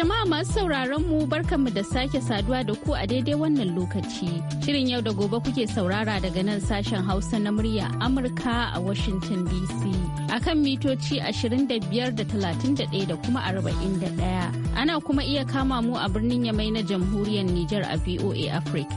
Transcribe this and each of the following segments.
jama'a masu sauraron mu barkanmu da sake saduwa da ku a daidai wannan lokaci. Shirin yau da gobe kuke saurara daga nan sashen Hausa na murya Amurka a Washington DC. A kan mitoci 25.31 da da kuma 41. Ana kuma iya kama mu a birnin Yamai na Jamhuriyar Nijar a VOA Africa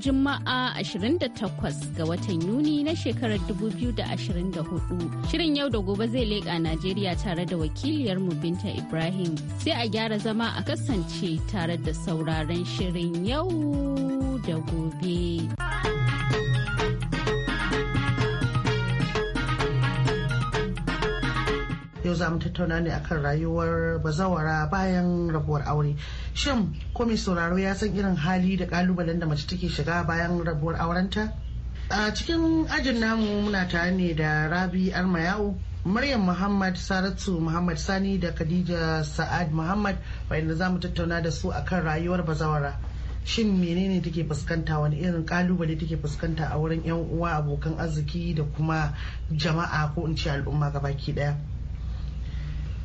Juma'a 28 ga watan Yuni na shekarar 2024. Shirin yau da gobe zai leƙa Najeriya tare da wakiliyarmu Binta Ibrahim. Sai a gyara zama a kasance tare da sauraron shirin yau da gobe. yau za mu tattauna ne akan rayuwar bazawara bayan rabuwar aure shin ko mai sauraro ya san irin hali da kalubalen da mace take shiga bayan rabuwar aurenta a cikin ajin namu muna tare ne da rabi armayau maryam muhammad saratu muhammad sani da khadija sa'ad muhammad wanda za mu tattauna da su akan rayuwar bazawara shin menene take fuskanta wani irin kalubale take fuskanta a wurin yan uwa abokan arziki da kuma jama'a ko in ce al'umma gabaki daya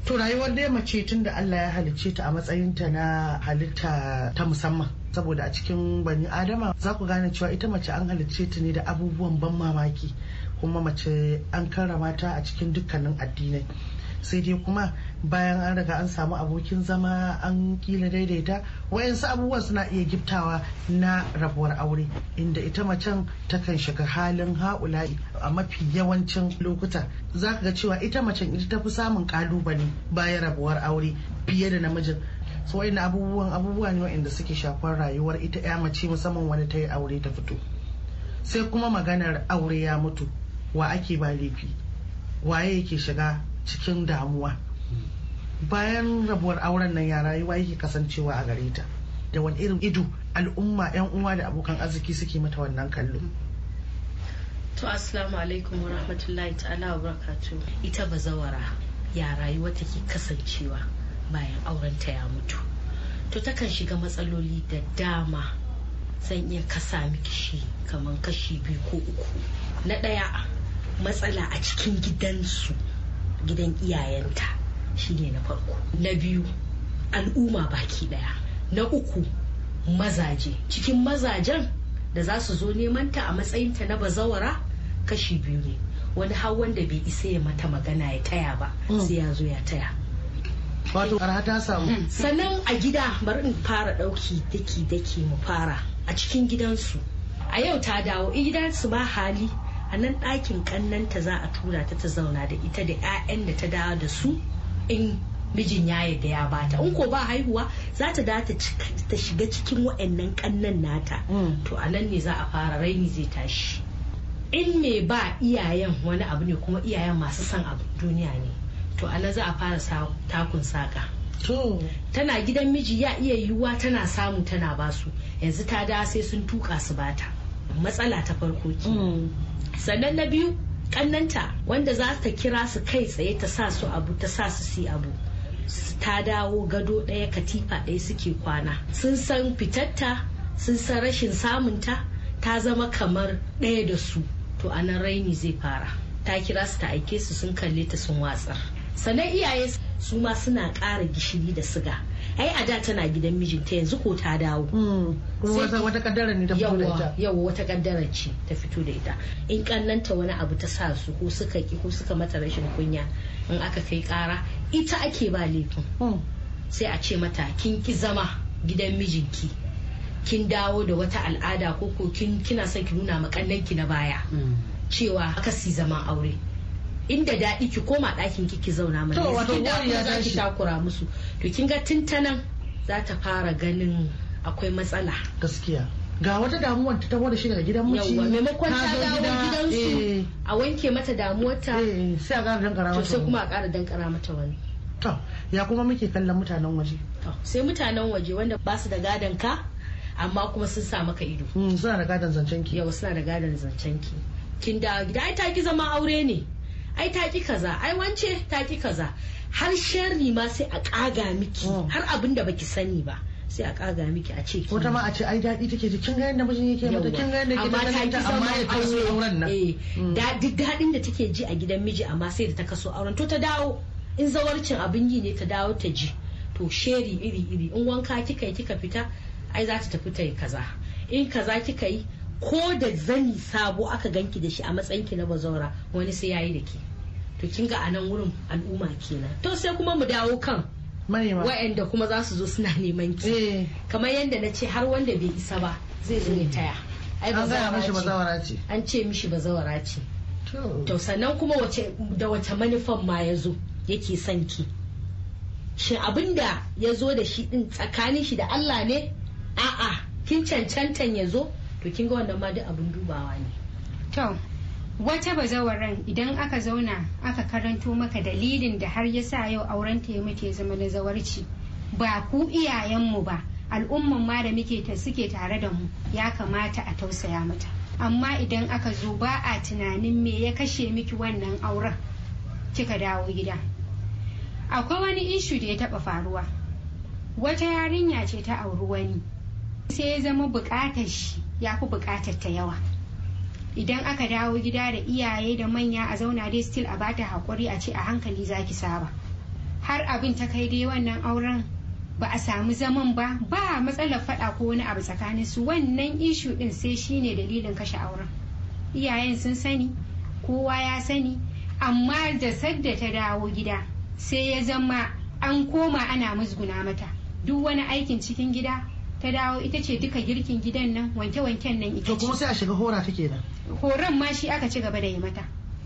To rayuwar dai mace tun da Allah ya halicce ta a matsayinta na halitta ta musamman. Saboda a cikin bani Adama za ku gane cewa ita mace an halicce ta ne da abubuwan ban mamaki kuma mace an karrama ta a cikin dukkanin addinai. Sai dai kuma bayan an riga an samu abokin zama an kila daidaita wayansu abubuwan suna iya giftawa na rabuwar aure inda ita macen takan shiga halin ha'ula'i a mafi yawancin lokuta za ka ga cewa ita macen ita ta fi samun kalubale bayan rabuwar aure fiye da namijin so wa'in abubuwan abubuwa ne wa'inda suke shafar rayuwar ita ya mace musamman wani ta yi aure ta fito sai kuma maganar aure ya mutu wa ake ba laifi waye yake shiga cikin damuwa bayan rabuwar auren nan ya rayuwa yake kasancewa a gare ta da wani irin ido al'umma yan uwa da abokan arziki suke mata wannan kallo to assalamu alaikum wa rahmatullahi ta'ala wa barakatu ita bazawara ya rayuwa take kasancewa bayan aurenta ya mutu to takan shiga matsaloli da dama zan iya kasa miki shi kamar kashi biyu ko uku na ɗaya matsala a cikin gidansu gidan iyayenta shine na farko na biyu al'umma baki daya na uku mazaje cikin mazajen da za su zo neman ta a matsayinta na bazawara kashi biyu ne wani har wanda bai isa ya mata magana ya taya ba mm. sai ya zo ya taya wato ta samu mm. sannan a gida bari in fara dauki daki daki mu fara a cikin gidansu a yau ta dawo in gidansu ba hali a nan ɗakin kannanta za a tura ta ta zauna da ita da 'ya'yan da ta dawo da su in mijin ya yarda ya bata in ko ba haihuwa za ta da ta shiga cikin wa'annan kannan nata mm. to a nan ne za a fara raini zai tashi in me ba iyayen wani abu ne kuma iyayen masu son abu duniya ne to a nan za a fara takun saka tana gidan miji ya iya yiwuwa tana samu tana basu yanzu ta da sai sun tuka su bata matsala ta farko ki mm. sannan na biyu kannanta wanda za ta kira su kai tsaye ta sa su abu ta sa su si abu ta dawo gado ɗaya katifa ɗaya suke kwana sun san fitatta sun san rashin samunta ta zama kamar ɗaya da su to a nan raini zai fara ta kira su ta aike su sun kalle ta sun watsar sannan iyaye su ma suna ƙara gishiri da siga ai a da tana gidan mijinta yanzu ko ta dawo mm. wata kaddara ta fito da ita yawa wata kaddara ce ta fito da ita in kannanta wani abu ta sa su ko suka ki ko suka mata rashin kunya in aka kai kara ita ake ba laifin mm. sai a ce mata kin ki zama gidan mijinki kin dawo da wata al'ada ko ko kina son ki nuna ma ki na baya mm. cewa aka si zaman aure inda daɗi ki koma ɗakin ki ki zauna mana to wato ya za ki takura musu to kin ga tintanan za ta fara ganin akwai matsala gaskiya ga wata damuwar ta tabo da shi daga gidan miji yawa maimakon ta gidan gidansu eh. a wanke mata ta eh, sai a ƙara dankara mata sai kuma a ƙara dankara mata wani to ya kuma muke kallon mutanen waje sai mutanen waje wanda ba su da gadon ka amma kuma sun sa maka ido hmm, suna da gadon zancen ki yawa suna da gadon zancen ki kin da gida ai ta ki zama aure ne ai ta ki kaza ai wance ta ki kaza har sharri ma sai a kaga miki oh. har abin da baki sani ba sai a kaga miki a ce ta ma a ce ai daɗi take ji kin ga yanda mijin yake mata kin ga yanda ke nan ta amma ya kaso auren nan eh hmm. daɗin da take ji a gidan miji amma sai da ta kaso auren to ta dawo in zawarcin abin yi ne ta dawo ta ji to sheri iri iri in wanka kika yi kika fita ai za ta tafi ta yi kaza in kaza kika yi ko da zani sabo aka ganki da shi a ki na bazaura wani sai yayi da ke to kin ga anan wurin al'umma kenan to sai kuma mu dawo kan wa'anda kuma za su zo suna neman ki eh. kamar yadda na ce har wanda bai isa ba zai zo ya taya ai bazawara ce an ce mishi bazawara ce to sannan kuma da wace manufan ma ya zo yake son ki shin abinda ya zo da shi din tsakanin shi da Allah ne a'a kin cancantan ya zo to kin ga wannan ma duk abin dubawa ne to wata bazawaran idan aka zauna aka karanto maka dalilin da har ya sa yau auren ta ya muke zama na zawarci ba ku iyayenmu ba al'umman ma da muke ta suke tare da mu ya kamata a tausaya mata amma idan aka zo ba a tunanin me ya kashe miki wannan auren kika dawo gida akwai wani ishu da ya taɓa faruwa wata yarinya ce ta auri wani sai ya zama bukatar shi ya fi buƙatar ta yawa idan aka dawo gida da iyaye da manya a zauna dai still a bata haƙuri a ce a hankali za ki saba har abin ta kai dai wannan auren ba a samu zaman ba ba matsalar faɗa ko wani abu tsakanin su wannan ishu din sai shine dalilin kashe auren iyayen sun sani kowa ya sani amma da sadda ta dawo gida sai ya zama an koma ana musguna mata duk wani aikin cikin gida ta dawo ita ce duka girkin gidan nan wanke-wanken nan ita ce. kuma sai a shiga hora take da. Horon ma shi aka ci gaba da yi mata.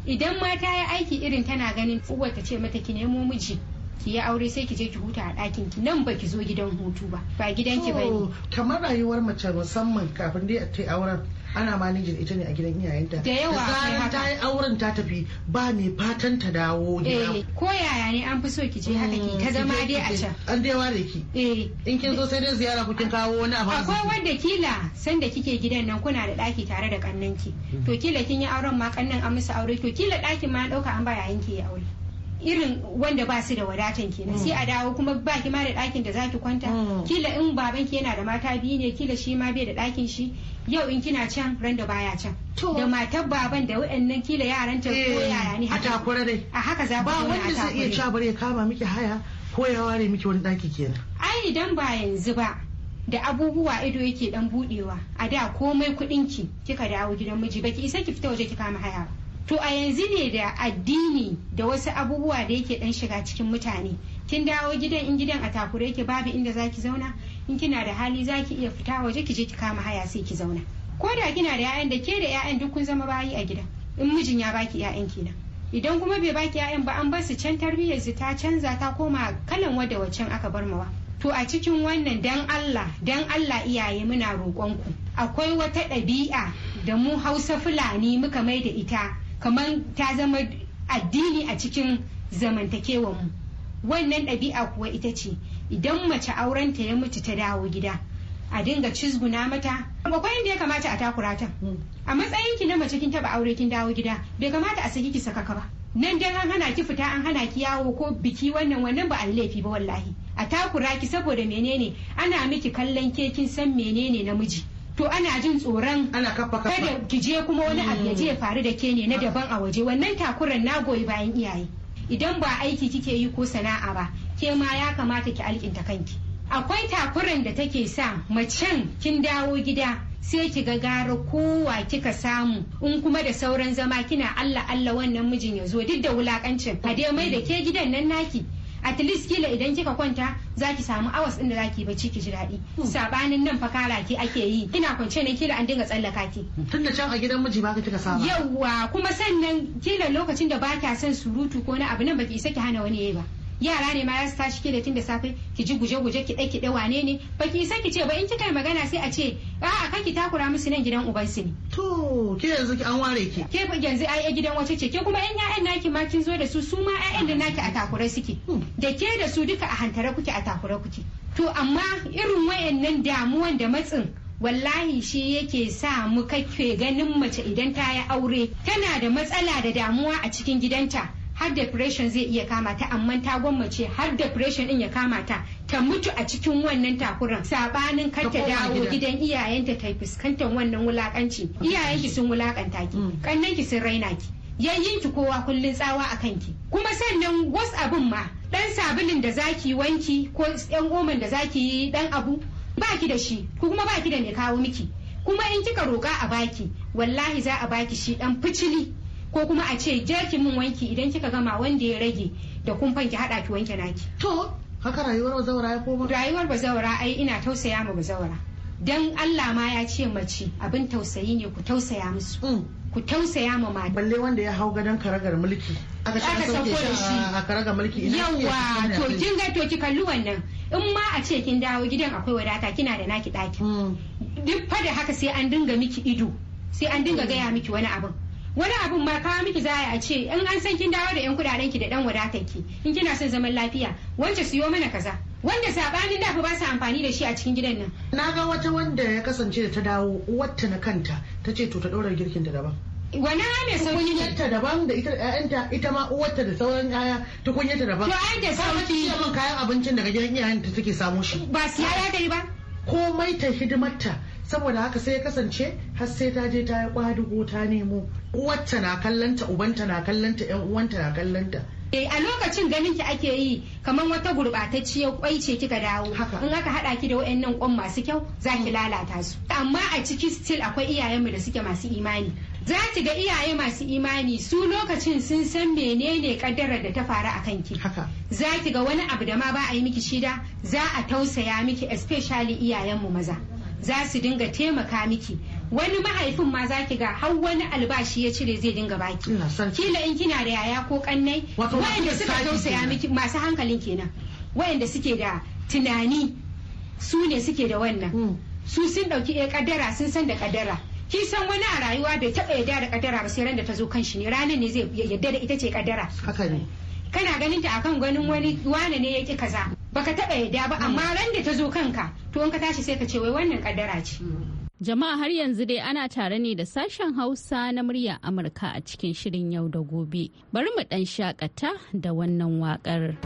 Idan mata ya aiki irin tana ganin uwar ta ce mata ki nemo miji. ki yi aure sai ki je ki huta a ɗakin ki nan ba ki zo gidan hutu ba ba gidan ki ne. kamar rayuwar mace musamman kafin dai ta auren ana nijin ita ne a gidan iyayenta da yawa da ta yi auren ta tafi ba mai fatan ta dawo gida eh, ko yaya ne an fi so ki je haka ki ta mm, zama dai a can an dai ware ki eh. in kin zo sai dai ziyara ku kin kawo wani abu akwai wanda kila san da kike gidan nan kuna da ɗaki tare da kannanki to kila kin yi auren ma kannan an musu aure to kila ɗakin ma ɗauka an ba yayin ki ya aure irin wanda ba su da wadatan kenan sai a dawo kuma ba ki ma da ɗakin da zaki kwanta mm. kila in baban ki yana da mata biyu ne kila shi ma bai da ɗakin shi yau in kina can ran da baya can da matar baban da wa'annan kila yaran ta ko eh, yaya ne haka a haka za ba wanda zai iya cewa ya kama miki haya ko ya ware miki wani ɗaki kenan ai idan ba yanzu ba da abubuwa ido yake dan budewa a da komai kudin ki, kika dawo gidan miji baki isa ki fita waje ki kama haya ba to a yanzu ne da addini da wasu abubuwa da yake dan shiga cikin mutane kin dawo gidan in gidan a takure yake babu inda zaki zauna in kina da hali zaki iya fita waje ki je ki kama haya sai ki zauna ko da kina da 'ya'yan da ke da 'ya'yan duk kun zama bayi a gida in mijin ya baki 'ya'yan kina idan kuma bai baki 'ya'yan ba an bar su can tarbiyyar su ta canza ta koma kalan wadda waccan aka bar mawa to a cikin wannan dan Allah dan Allah iyaye muna ku. akwai wata ɗabi'a da mu Hausa Fulani muka mai da ita kamar ta zama addini a cikin zamantakewar mu wannan ɗabi'a kuwa ita ce idan mace aurenta ya mutu ta dawo gida a dinga cizguna mata akwai inda ya kamata a takura ta a matsayin ki na mace kin taba aure kin dawo gida bai kamata a saki ki saka ka ba nan dan an hana ki fita an hana ki yawo ko biki wannan wannan ba an laifi ba wallahi a takura ki saboda menene ana miki kallon ke kin san menene namiji to ana jin tsoron ana kada ki je kuma wani abu ya je ya faru da ke ne na daban a waje wannan takuran na goyi bayan iyaye idan ba aiki kike yi ko sana'a ba ke ma ya kamata ki alkinta kanki akwai takuran da take sa macen kin dawo gida sai ki ga gara kowa kika samu in kuma da sauran zama kina Allah Allah wannan mijin ya zo duk da wulakancin a dai mai da ke gidan nan naki at least kila idan kika kwanta zaki samu awas din da ki bacci ki ji daɗi hmm. sabanin nan fakara ki ake yi ina kwance ne kila an dinga tsallaka ki tun da can a gidan miji ba ka kika saba yawa kuma sannan kila lokacin da ba ka son surutu ko na abu nan baki isa ki hana wani yayi ba yara ne ma za su tashi ke da tun da safe ki ji guje guje ki ɗaki ki wane ne ba ki san ki ce ba in kika magana sai a ce a ka ki takura musu nan gidan uban su ne. to ke yanzu ki an ware ki. ke yanzu ai gidan wace ce ke kuma yan ƴaƴan naki ma kin zo da su su ma ƴaƴan da naki a su suke hmm. da ke da su duka a hantara kuke a takura kuke. to amma irin wayannan damuwan da matsin wallahi shi yake sa mu kake ganin mace idan ta yi aure tana da matsala da damuwa a cikin gidanta har depression zai iya kama ta amma ta gwammace har depression din ya kama ta ta mutu a cikin wannan takuran sabanin kar ta dawo gidan iyayenta ta fuskantar wannan wulakanci iyayenki sun wulakanta ki mm. kannanki sun raina ki ki kowa kullun tsawa a kanki kuma sannan wasu abin ma dan sabulin da zaki wanki ko yan oman da zaki yi dan abu baki da shi ko kuma baki da mai kawo miki kuma in kika roka a baki wallahi za a baki shi dan ficili ko kuma a ce je ki min wanki idan kika gama wanda ya rage da kumfan ki hada ki wanke naki to haka rayuwar bazawara ya koma rayuwar bazawara ai ina tausaya ma bazawara dan Allah ma ya ce mace abin tausayi ne ku tausaya musu mm. ku tausaya ma mata balle wanda ya hau gadon karagar mulki aka sauko da shi a karagar mulki yawa to kin ga to ki kalli wannan in ma a ce kin dawo gidan akwai wadata kina da naki daki mm. duk fa da haka sai an dinga miki ido sai an dinga mm. gaya miki wani abin wani abun ma kawo miki zaya a ce in an san kin dawo da yan kudaden ki da dan wadatar ki in kina son zaman lafiya wance siyo mana kaza wanda sabanin dafa ba su amfani da shi a cikin gidan nan na ga wata wanda ya kasance da ta dawo wata na kanta ta ce to ta daura girkin ta daban wani mai sauki ne ta daban da ita ƴaƴanta ita ma uwarta da sauran ƴaƴa ta daban to ai da sauki kayan abincin daga gidan iyayenta take samu shi ba siya ya gari ba komai ta hidimarta saboda haka sai ya kasance har sai ta je ta yi kwadugo ta nemo uwarta na kallanta ubanta na kallanta yan uwanta na kallanta eh, a lokacin ganin ki ake yi kamar wata gurɓatacciyar kwai ce kika dawo in aka haɗa ki da wayannan kwan masu kyau za ki mm. lalata su amma a ciki still akwai iyayen mu da suke masu imani za ki ga iyaye masu imani su lokacin sun san menene kaddarar da ta faru a kanki za ki ga wani abu da ma ba a yi miki shida za a tausaya miki especially mu maza za su dinga taimaka miki wani mahaifin ma zaki ga har wani albashi ya cire zai dinga baki kila in kina da yaya ko kannai wayanda suka tausaya miki masu hankalin kenan wayanda suke da tunani su ne suke da wannan hmm. su sun dauki a eh, kaddara sun san da kaddara ki san wani a rayuwa bai taɓa yadda da kaddara ba sai ran da ta zo kan shi ne ranar ne zai yarda da ita ce kaddara haka ne kana ganin ta akan ganin wani wane ne ya ki kaza baka taba yadda ba amma mm. ran da ta zo kanka to in ka tashi sai ka ce wai wannan kaddara ce Jama'a har yanzu dai ana tare ne da sashen Hausa na murya Amurka a cikin shirin yau da gobe. Bari mu ɗan shakata da wannan waƙar.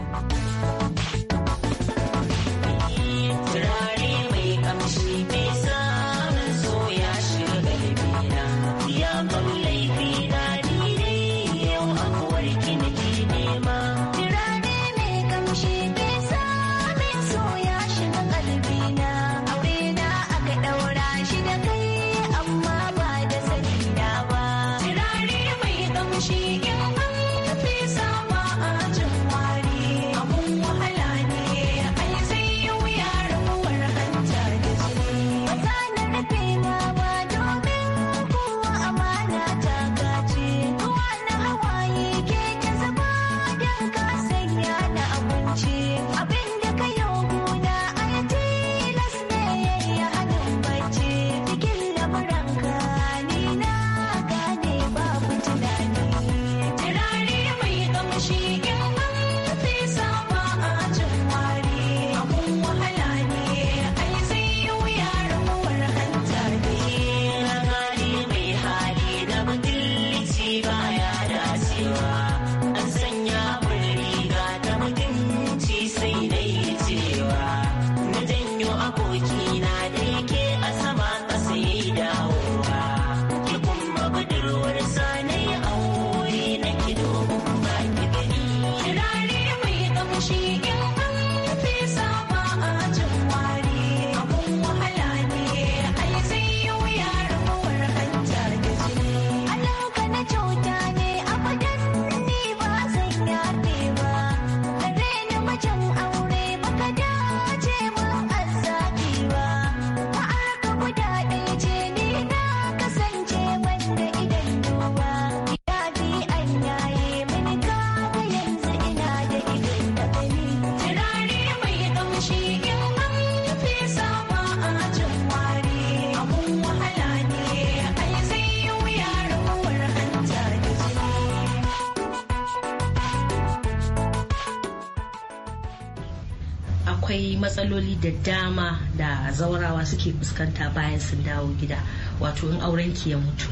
matsaloli da dama da zaurawa suke fuskanta bayan sun dawo gida wato in auren ki ya mutu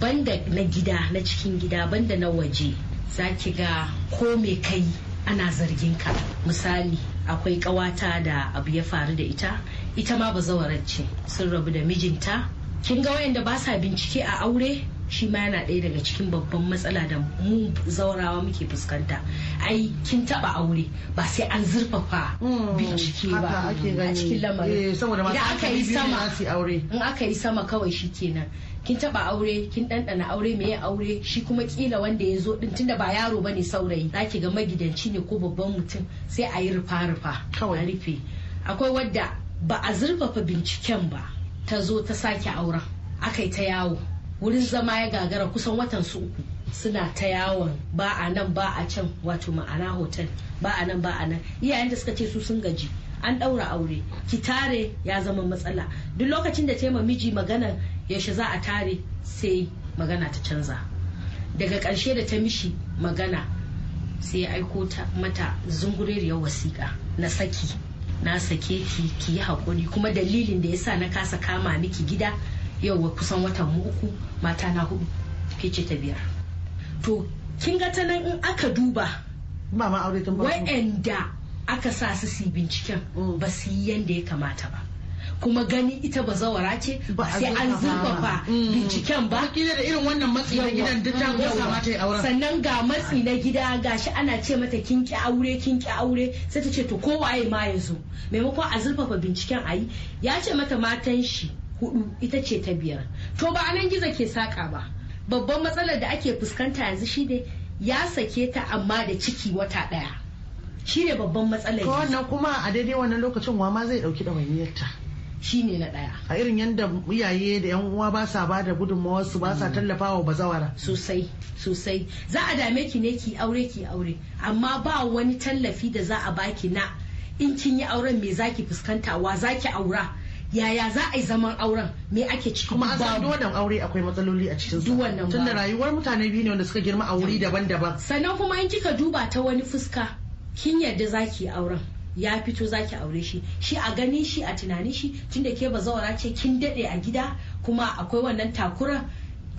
banda na gida na cikin gida banda na waje za ki ga ko me kai ana zargin ka misali akwai kawata da abu ya faru da ita ita ma ba bazawarar ce sun rabu da mijinta kin ga wayanda ba sa bincike a aure shi ma yana ɗaya daga cikin babban matsala da mu zaurawa muke fuskanta ai kin taba aure ba sai an zurfafa hmm, bincike ba a cikin lamarin eh, idan aka yi sama in aka yi sama kawai shi kenan kin taɓa aure kin ɗanɗana aure me aure shi kuma kila wanda ya zo ɗin tunda ba yaro bane saurayi zaki ga magidanci ne ko babban mutum sai a yi rufa rufa a rufe akwai wadda ba a zurfafa binciken ba ta zo ta sake auren aka yi ta yawo wurin zama ya gagara kusan watan su uku suna ta yawon ba a nan ba a can wato ma'ana hotel ba a nan ba a nan iyayen da suka ce su sun gaji an ɗaura aure ki tare ya zama matsala duk lokacin da taima miji magana yaushe za a tare sai magana ta canza daga ƙarshe da ta mishi magana sai ya aiko mata zunguriyar wasiƙa na saki na sake ki ki yi haƙuri kuma dalilin da yasa na kasa kama miki gida yau kusan watan uku mata na hudu fice ta biyar to kin ga ta nan in aka duba wa'anda aka sa su su binciken mm. ba su yi yanda ya kamata ba kuma gani ita ba zawara ce ba sai an zurfafa mm. binciken ba kila da irin wannan matsi na gidan duk ta sama ta yi sannan ga matsi na gida ga shi ana ce mata kin ki aure kin ki aure sai ta ce to kowaye ma ya zo maimakon a zurfafa binciken ayi ya ce mata matan shi hudu ita ce ta biyar to ba anan gizo ke saka ba babban matsalar da ake fuskanta yanzu shine ya sake ta amma da ciki wata daya shine babban matsalar ko wannan kuma a daidai wannan lokacin wa ma zai dauki ɗawainiyarta shine na daya a irin yadda iyaye da yan uwa ba sa ba da gudunmawar su ba sa mm. tallafawa bazawara sosai sosai za a dame ki ne ki aure ki aure amma ba wani tallafi da za a baki na in kin yi auren me zaki fuskanta wa zaki aura yaya za a yi zaman auren me ake ciki kuma a san duwannan aure akwai matsaloli a cikin duk tun tunda rayuwar mutane biyu ne wanda suka girma a wuri daban-daban sannan kuma in kika duba ta wani fuska kin yarda zaki auren ya fito zaki aure shi shi a ganin shi a tunanin shi tunda ke ba zawara ce kin dade a gida kuma akwai wannan takura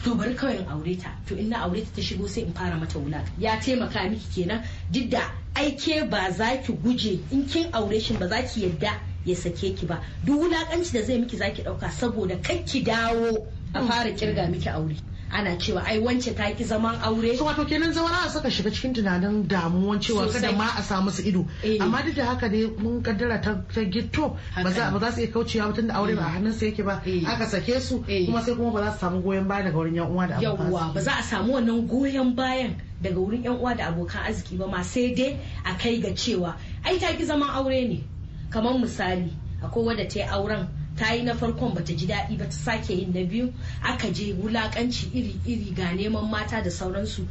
to bari kawai in aure ta to in na aure ta ta shigo sai in fara mata wula ya taimaka miki kenan duk da aike ba za ki guje in kin aure shi ba za ki yadda ya sake ki ba duk wulakanci da zai miki zaki dauka saboda kai ki dawo a hmm. fara kirga miki aure ana cewa ai wance ta ki zaman aure so wato kenan zawara a saka shiga cikin tunanin damuwan cewa kada ma a samu su ido eh. amma duk da haka ne mun kaddara ta gitto ba za ba za su iya kaucewa tun da aure ba eh. hannun sa yake ba eh. aka sake su kuma sai kuma ba za su samu goyon baya daga wurin yan uwa da abokan yawa ba za a samu wannan goyon bayan daga wurin yan uwa da abokan arziki ba ma sai dai a kai ga cewa ai ta ki zaman aure ne kamar misali akwai wadda ta yi auren ta yi na farkon bata ji daɗi ba ta sake yin na biyu aka je wulakanci iri-iri ga neman mata da sauransu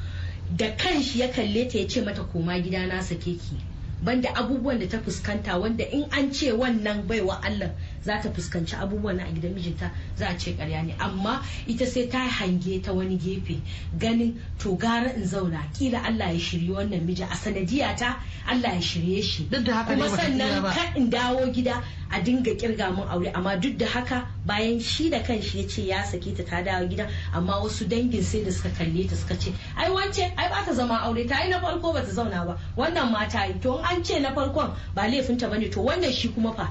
da kanshi ya kalle ta ya ce mata koma gida na sake ki banda abubuwan da ta fuskanta wanda in an ce wannan baiwa Allah za ta fuskanci abubuwan a gidan mijinta za a ce karya ne amma ita sai ta hange ta wani gefe ganin to gara in zauna kila Allah ya shirye wannan miji a sanadiyata Allah ya shirye shi kuma sannan ka in dawo gida a dinga kirga mun aure amma duk da haka bayan shi da kanshi ya ce ya sake ta ta dawo gida amma wasu dangin sai da suka kalle ta suka ce ai wance ai ba ta zama aure ta ai na farko ba ta zauna ba wannan mata yi to an ce na farkon ba laifinta bane to wannan shi kuma fa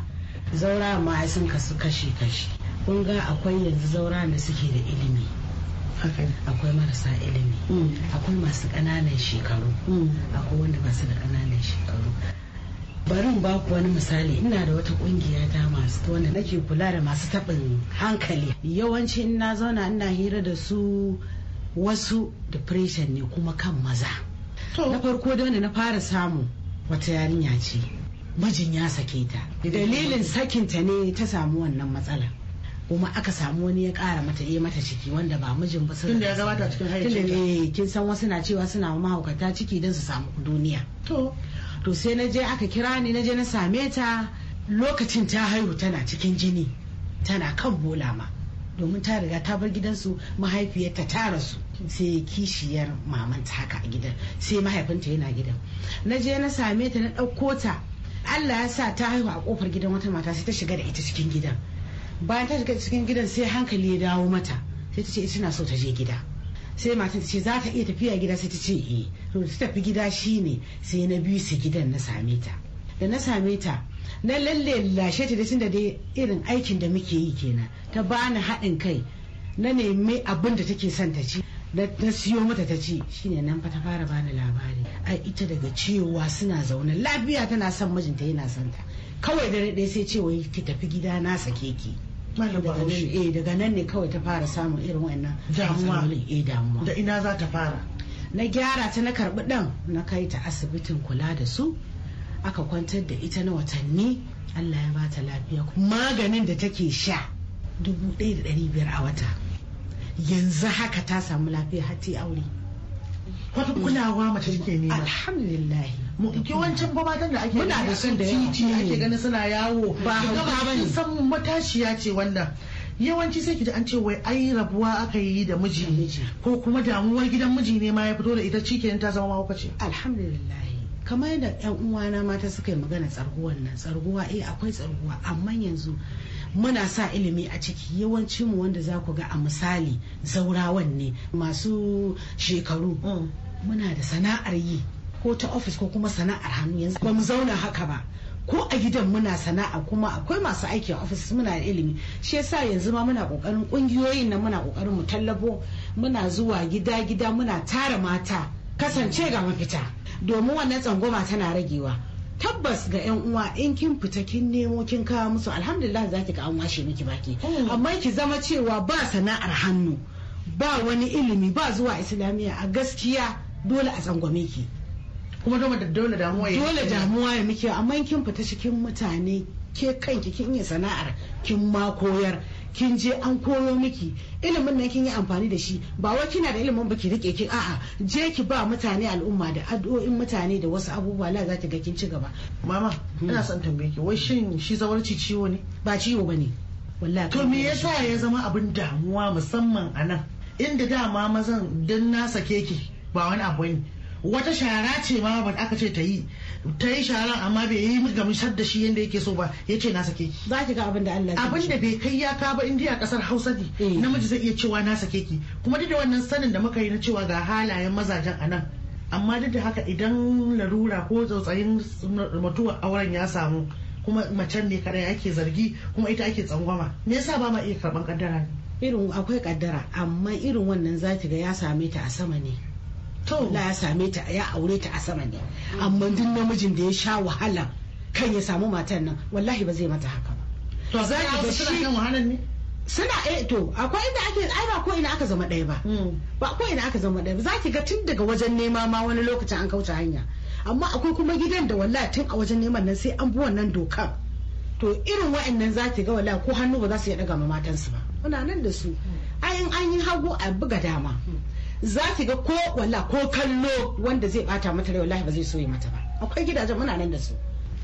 zaura ma sun kasu kashi kashi kun ga akwai yanzu zaura da suke da ilimi akwai marasa ilimi mm. akwai masu ƙananan shekaru mm. akwai wanda ba su da kananan shekaru barin baku wani misali ina da wata kungiya ta masu wanda nake kula da masu taɓin hankali yawanci ina zauna ina hira da su wasu depression ne kuma kan maza na farko da wanda na fara samu wata yarinya ce mijin ya sake ta dalilin sakinta ne ta samu wannan matsala kuma aka samu wani ya kara mata yi mata ciki wanda ba mijin ba da ya gabata cikin hayyacin eh, kin san wasu na cewa suna mahaukata ciki don su samu duniya to sai na je aka kira ni na je na same ta lokacin ta haihu tana cikin jini tana kan bola domin ta riga ta bar gidansu mahaifiyarta ta rasu sai kishiyar maman ta haka a gidan sai mahaifinta yana gidan na je na same ta na ɗauko ta Allah ya sa ta haihu a kofar gidan wata mata sai ta shiga da ita cikin gidan bayan ta shiga cikin gidan sai hankali ya dawo mata sai ta ce ita na so ta je gida sai matan ta ce za ta iya tafiya gida sai ta ce eh to su tafi gida shine sai na biyu su gidan na same ta da na same ta na lalle lashe ta da dai irin aikin da muke yi kenan ta bani haɗin kai na nemi abin da take son ta ci na siyo mata ta ci shine nan fa ta fara bani labari a ita daga cewa suna zaune lafiya tana son mijinta yana son ta kawai dare ɗaya sai ce wai ki tafi gida na sake ki eh, daga nan ne kawai ta fara samun irin wannan damuwa eh, da ina za ta fara na gyara ta na karbi ɗan na kai ta asibitin kula da su aka kwantar da ita na watanni allah ya ba ta lafiya maganin da take sha dubu daya da dari biyar a wata yanzu haka ta samu lafiya har ta aure wata kulawa mace take nema alhamdulillah wancan ba matan da ake muna da sun da titi ake yawo ba ba san matashiya ce wanda yawanci sai ki ji an ce wai ai rabuwa aka yi da miji ko kuma damuwar gidan miji ne ma ya fito da ita cikin ta zama ce alhamdulillah kamar yadda yan uwana mata suka yi magana tsarguwan nan tsarguwa eh akwai tsarguwa amma yanzu muna sa ilimi a ciki yawanci mu wanda za ku ga a misali zaurawan ne masu shekaru mm. muna da sana'ar yi ko ta ofis ko kuma sana'ar hannu yanzu ba mu zauna haka ba ko a gidan muna sana'a kuma akwai masu aikin ofis muna da ilimi shi yasa yanzu ma muna kokarin kungiyoyin nan muna kokarin mu tallafo muna zuwa gida gida muna tara mata kasance ga mafita domin wannan tsangoma tana ragewa tabbas ga yan uwa in kin fita kin nemo kin kawo musu alhamdulillah za ki ga an washe miki baki hmm. amma ki zama cewa ba sana'ar hannu ba wani ilimi ba zuwa islamiyya a gaskiya dole a tsangwame ki kuma dole dole damuwa ya dole damuwa ya muke amma kin fita cikin mutane ke kanki kin yi sana'ar kin ma koyar kin je an koyo miki ilimin nan kin yi amfani da shi ba wai kina da ilimin ba ki rike ki a'a je ki ba mutane al'umma da addu'o'in mutane da wasu abubuwa la za ki ga kin ci gaba mama hmm. ina son tambaye ki wai shin shi zawarci ciwo ne ba ciwo bane wallahi to me yasa ya zama abin damuwa musamman a nan inda dama mazan dan na sake ki ba wani abu ne wata shara ce ma ba aka ce ta yi ta yi shara amma bai yi gamsar da shi yadda yake so ba ya ce na sake ki za ki ga abin da Allah abin da bai kai ya ka ba indiya kasar Hausa ne eh. namiji zai iya cewa na sake ki kuma duk da wannan sanin da muka yi na cewa ga halayen mazajen a nan. amma duk da haka idan larura ko tsautsayin mutuwa auren ya samu kuma macen ne kadai ake zargi kuma ita ake tsangwama me yasa ba ma iya karban kaddara irin akwai kaddara amma irin wannan zaki ga ya same ta a sama ne Allah ya same ta ya aure ta a sama ne amma duk namijin da ya sha wahala kan ya samu matan nan wallahi ba zai mata haka ba to za ki ga shi wahalan ne suna eh to akwai inda ake ai ba ko ina aka zama ɗaya ba hmm. ba ko ina aka zama ɗaya ba za ga tun daga wajen nema ma wani lokacin an kauce hanya amma akwai kuma gidan da wallahi tun a wajen neman nan sai an bi wannan dokan to irin wa'annan za ga wallahi ko hannu ba za su iya daga ma matansu ba muna nan da su hmm. ai in an yi hagu a buga dama hmm. za ki ga ko wala ko kallo wanda zai bata mata rai wallahi ba zai so ya mata ba akwai gidajen muna nan da su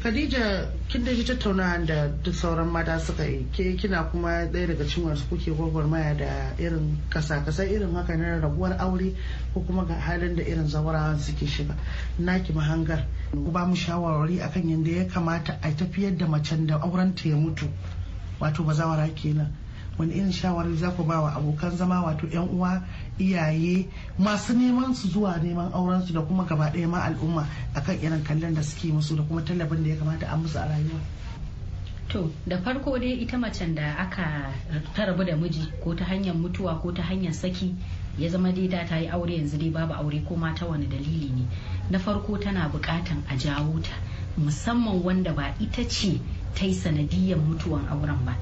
Khadija kin da tattaunawa da duk sauran mata suka yi ke kina kuma ɗaya daga cikin wasu kuke gwagwarmaya da irin kasa-kasa irin haka na rabuwar aure ko kuma ga halin da irin zawarawan suke shiga naki mahangar ku ba mu shawarwari akan yadda ya kamata a tafiyar da macen da auren ta ya mutu wato bazawara kenan wani irin shawarar za ku ba wa abokan zama wato yan uwa iyaye masu neman su zuwa neman auren su da kuma gaba ɗaya ma al'umma akan irin kallon da suke musu da kuma tallafin da ya kamata a musu a rayuwa To, da farko dai ita macen da aka ta rabu da miji ko ta hanyar mutuwa ko ta hanyar saki ya zama dai da ta yi aure yanzu dai babu aure ko ma ta wani dalili ne. Na farko tana bukatan a jawo ta musamman wanda ba ita ce ta yi sanadiyar mutuwan auren ba.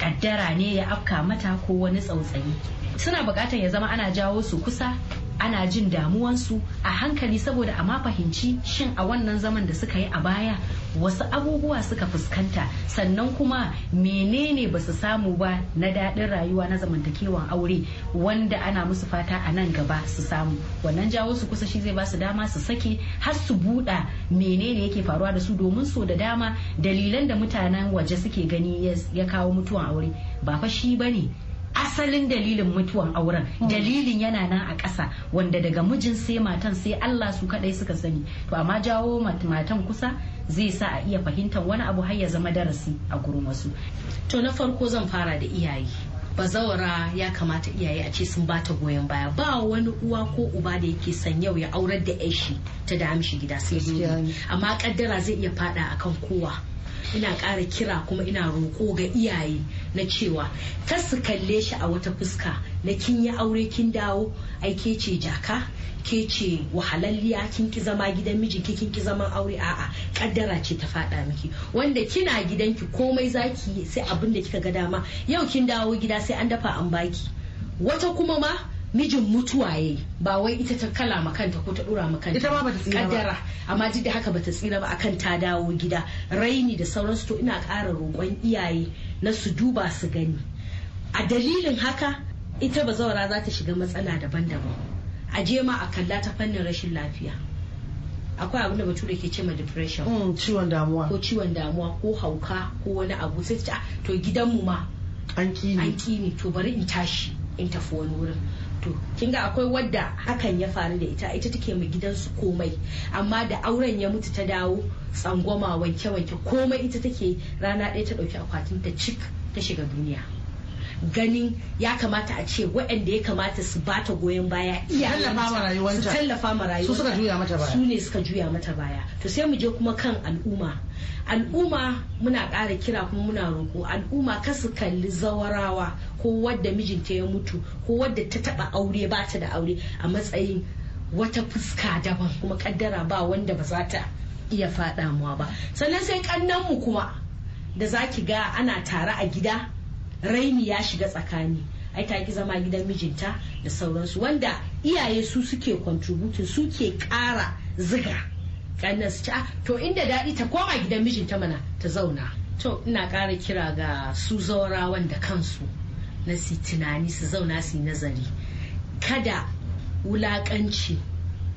kaddara ne ya afka mata ko wani tsautsayi suna bukatar ya zama ana jawo su kusa ana jin damuwansu a hankali saboda a ma fahimci shin a wannan zaman da suka yi a baya wasu abubuwa suka fuskanta sannan kuma menene ba su samu ba na daɗin rayuwa na zamantakewan aure wanda ana musu fata a nan gaba su samu wannan jawo su kusa shi zai ba su dama su sake har su buɗa menene yake faruwa da su domin so da dama dalilan da mutanen waje suke gani ya kawo mutuwan aure ba fa shi ba ne asalin dalilin mutuwan auren hmm. dalilin yana nan a ƙasa wanda daga mijin sai matan sai Allah su kadai suka sani to amma jawo matan kusa zai sa a iya fahimtar wani abu har ya zama darasi a gurin wasu to na farko zan fara da iyaye bazawara ya kamata iyaye a ce sun bata goyon baya ba wani uwa ko uba da yake son yau ya aurar da shi ta da amshi gida sai amma kaddara zai iya fada akan kowa ina ƙara kira kuma ina roƙo ga iyaye na cewa ta su kalle shi a wata fuska na kin yi aure kin dawo ai ke ce jaka ke ce wahalalliya kin ki zama gidan miji ki kin ki zaman aure a'a kaddara ce ta fada miki wanda kina gidanki komai zaki sai abinda kika ga dama yau kin dawo gida sai an dafa an baki wata kuma ma mijin mutuwa yayi ba wai ita ta kala makanta ko ta dora ma ita ma ta tsira ba amma duk da haka ba ta tsira ba akan ta dawo gida raini da sauransu to ina ƙara roƙon iyaye na su duba su gani a dalilin haka ita zaura za ta shiga matsala daban-daban a je ma a kalla ta fannin rashin lafiya akwai abin da bature ke ce ma depression hmm, ciwon damuwa ko ciwon damuwa ko hauka ko wani abu sai ta ah, to gidanmu ma an kini to bari in tashi in tafi wani wurin to kinga akwai wadda hakan ya faru da ita ita take mai gidansu komai amma da auren ya mutu ta dawo tsangwama wanke wanke komai ita take rana ɗaya ta ɗauki akwatin ta cik ta shiga duniya ganin ya kamata a ce waɗanda ya kamata su bata goyon baya su tallafa ma rayuwanta su ne suka juya mata baya to sai mu je kuma kan al'umma al'umma muna ƙara kira kuma muna roƙo al'umma ka su kalli zawarawa ko wadda mijinta ya mutu ko wadda ta taɓa aure ba ta da aure a matsayin wata fuska daban kuma kaddara ba wanda ba za ta iya muwa ba sannan sai mu kuma da za ki ga ana tare a gida raini ya shiga tsakani ai ta ki zama gidan mijinta da sauransu wanda iyaye su suke contributing suke ƙara ziga kannan su ci ah, to inda daɗi ta koma gidan mijinta mana ta zauna to ina ƙara kira ga su zaura da kansu na su tunani su zauna su yi nazari kada wulaƙanci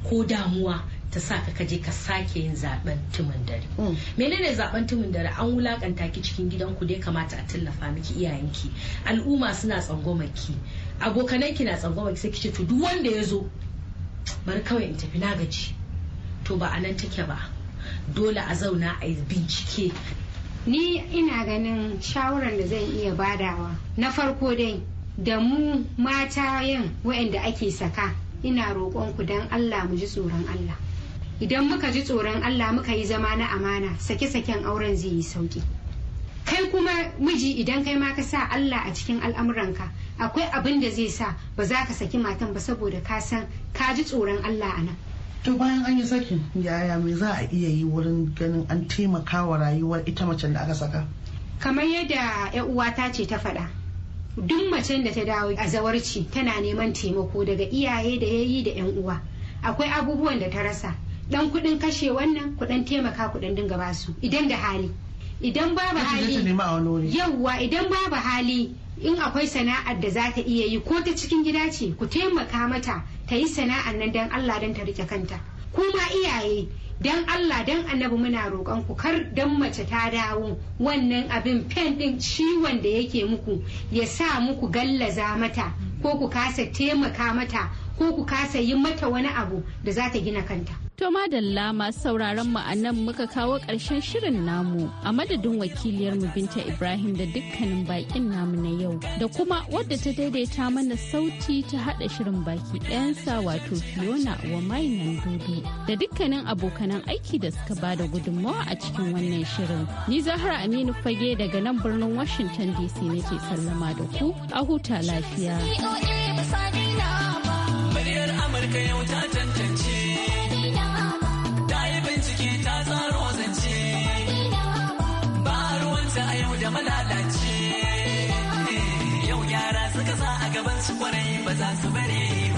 ko damuwa ta sa ka kaje ka sake yin zaben tumin dare mm. menene zaben tumin dare an wulakanta ki cikin gidan ku dai kamata a tallafa miki iyayenki al'umma suna tsangwamaki abokananki na ki sai kice to duk wanda ya zo bari kawai in tafi na gaji to ba a nan take ba dole a zauna a yi bincike ni ina ganin shawarar da zan iya badawa na farko dai da mu mata yin wa'anda ake saka ina roƙonku don allah mu ji tsoron allah idan muka ji tsoron Allah muka yi zama na amana sake-saken auren zai yi sauki kai kuma miji idan kai ma ka sa Allah a cikin al'amuranka akwai abin da zai sa ba za ka saki matan ba saboda ka san ka ji tsoron Allah a nan to bayan an yi sakin yaya me za a iya yi wurin ganin an taimaka wa rayuwar ita macen da aka saka kamar yadda 'yan uwata ce ta faɗa duk macen da ta dawo a zawarci tana neman taimako daga iyaye da yayi da yan uwa akwai abubuwan da ta rasa dan kudin kashe wannan kudin taimaka kuɗin dinga basu idan da hali idan babu hali yawwa idan babu hali in akwai sana'ar da za ta iya yi ko ta cikin gida ce ku taimaka mata ta yi sana'ar nan dan Allah dan ta rike kanta kuma iyaye dan Allah dan annabi muna roƙon ku kar dan mace ta dawo wannan abin fen din ciwon da yake muku ya sa muku gallaza mata ko ku kasa taimaka mata ko ku kasa yi mata wani abu da za ta gina kanta To madalla masu sauraron mu a nan muka kawo ƙarshen shirin namu a madadin wakiliyarmu Binta Ibrahim da dukkanin baƙin namu na yau da kuma wadda ta daidaita mana sauti ta haɗa shirin baki ɗayansa wato Fiona wa mainan dudu da dukkanin abokanan aiki da suka ba da gudunmawa a cikin wannan shirin. Ni Zahra Aminu Fage daga nan birnin Washington DC nake sallama da ku a huta lafiya. Muryar Amurka yau ta tantance. da malalaci eh, yau yara suka sa a gaban su kwarai ba za su bare